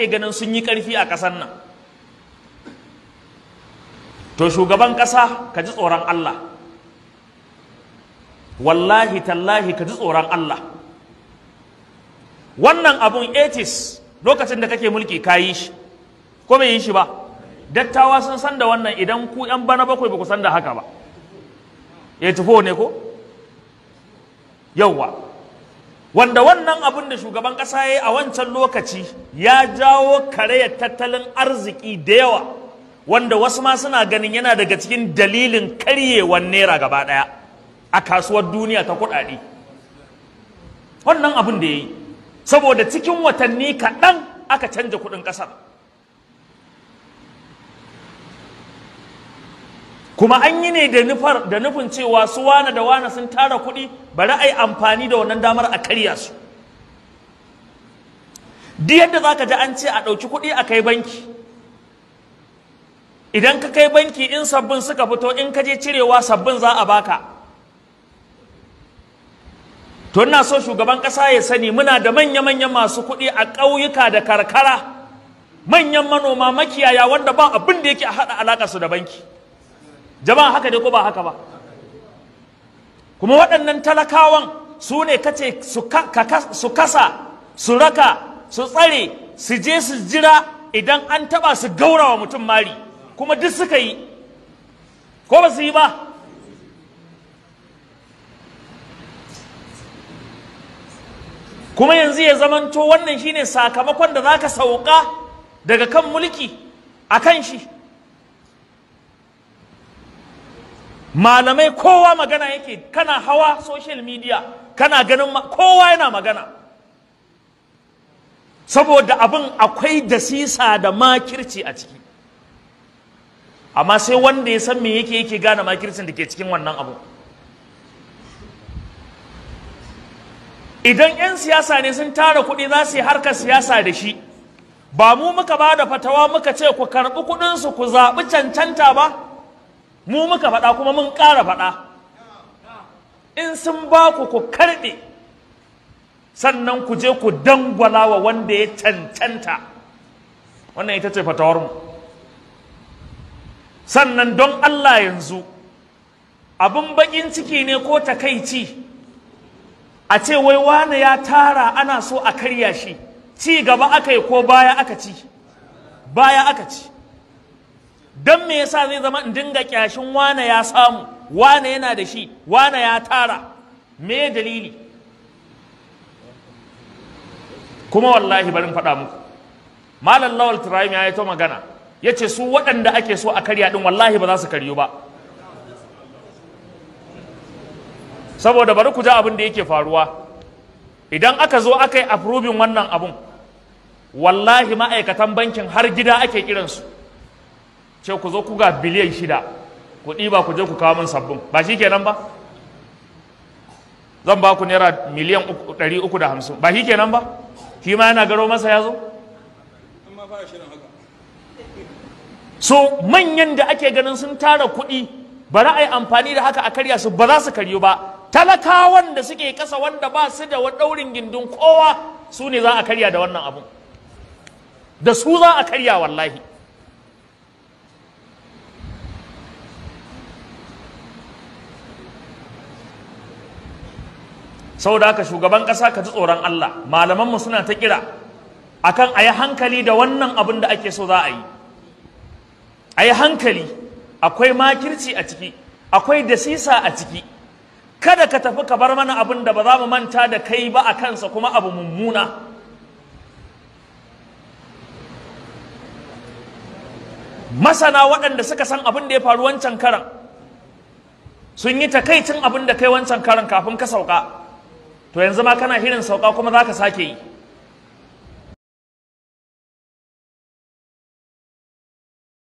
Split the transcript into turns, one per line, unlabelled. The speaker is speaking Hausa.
ake ganin sun yi ƙarfi a ƙasar nan to shugaban ƙasa ka ji tsoron Allah wallahi tallahi ka ji tsoron Allah wannan abun 80 lokacin da kake mulki ka yi shi ko bai yi shi ba dattawa sun san da wannan idan ku yan bana bakwai ba ku san da haka ba ya ne ko yauwa wanda wannan abin da shugaban ƙasa ya yi a wancan lokaci ya jawo karayar tattalin arziki da yawa wanda wasu ma suna ganin yana daga cikin dalilin karyewar naira gaba ɗaya a kasuwar duniya ta kuɗaɗe wannan abin da ya yi saboda cikin watanni kaɗan aka canja kuɗin ƙasar kuma an yi ne da nufin cewa su wane da wane sun tara kuɗi bari a yi amfani da wannan damar a karya su duk yadda za ka ji an ce a ɗauki kuɗi a kai banki idan ka kai banki in sabbin suka fito in ka je cirewa sabbin za a baka to ina so shugaban ƙasa ya sani muna da manya-manyan masu kuɗi a ƙauyuka da karkara manyan manoma makiyaya wanda ba abin da yake a haɗa alaƙarsu da banki jama'a haka ne ko ba haka ba kuma waɗannan talakawan su ne kace su kasa su raka su tsare su je su jira idan an taba su gaurawa mutum mari kuma duk suka yi ko ba su yi ba kuma yanzu ya zamanto wannan shine sakamakon da zaka sauka daga kan mulki a kan shi malamai kowa magana yake kana hawa social media kana ganin kowa yana magana saboda abin akwai dasisa da makirci a ciki amma sai wanda ya san me yake yake gane makircin da ke cikin wannan abu idan 'yan siyasa ne sun tara kuɗi za su yi harkar siyasa da shi ba mu muka ba da fatawa muka ce ku karɓi kuɗinsu ku zaɓi cancanta ba mu muka faɗa kuma mun ƙara faɗa in sun ba ku ku karɓe sannan ku je ku dangwala wa wanda ya cancanta wannan ita ce fatawarmu sannan don Allah yanzu abin baƙin ciki ne ko takaici a ce wai wani ya tara ana so a karya shi ci gaba aka yi ko baya aka ci baya aka ci don me yasa zai zama in dinga kyashin wane ya samu wane yana da shi wane ya tara me dalili kuma wallahi barin faɗa muku malam lawal turaim ya yi ta magana ya ce su waɗanda ake so a karya ɗin wallahi ba za su karyo ba saboda bari ku ja abin da yake faruwa idan aka zo aka yi afrobin wannan abun wallahi ma'aikatan bankin har gida ake kiransu ce ku zo ku ga biliyan shida ku ɗiba ku je ku kawo min sabbin ba shi kenan ba zan ba ku naira miliyan ɗari uku da hamsin ba shi kenan ba shi ma yana garo masa ya zo so manyan da ake ganin sun tara kuɗi za a yi amfani da haka a karya su ba za su karyu ba talakawan da suke kasa wanda ba su da ɗaurin gindin kowa su ne za a karya da wannan abun da su za a karya wallahi Sau da haka shugaban ƙasa ka ji tsoron Allah malamanmu suna ta kira akan a yi hankali da wannan abin da ake so za a yi a yi hankali akwai makirci a ciki akwai dasisa a ciki kada ka tafi ka bar mana abin da ba za mu manta da kai ba a kansa kuma abu mummuna masana waɗanda suka san abin da ya faru wancan karan sun yi takaicin abin da kai wancan karan kafin ka sauka to yanzu ma kana hirin sauka kuma za ka sake yi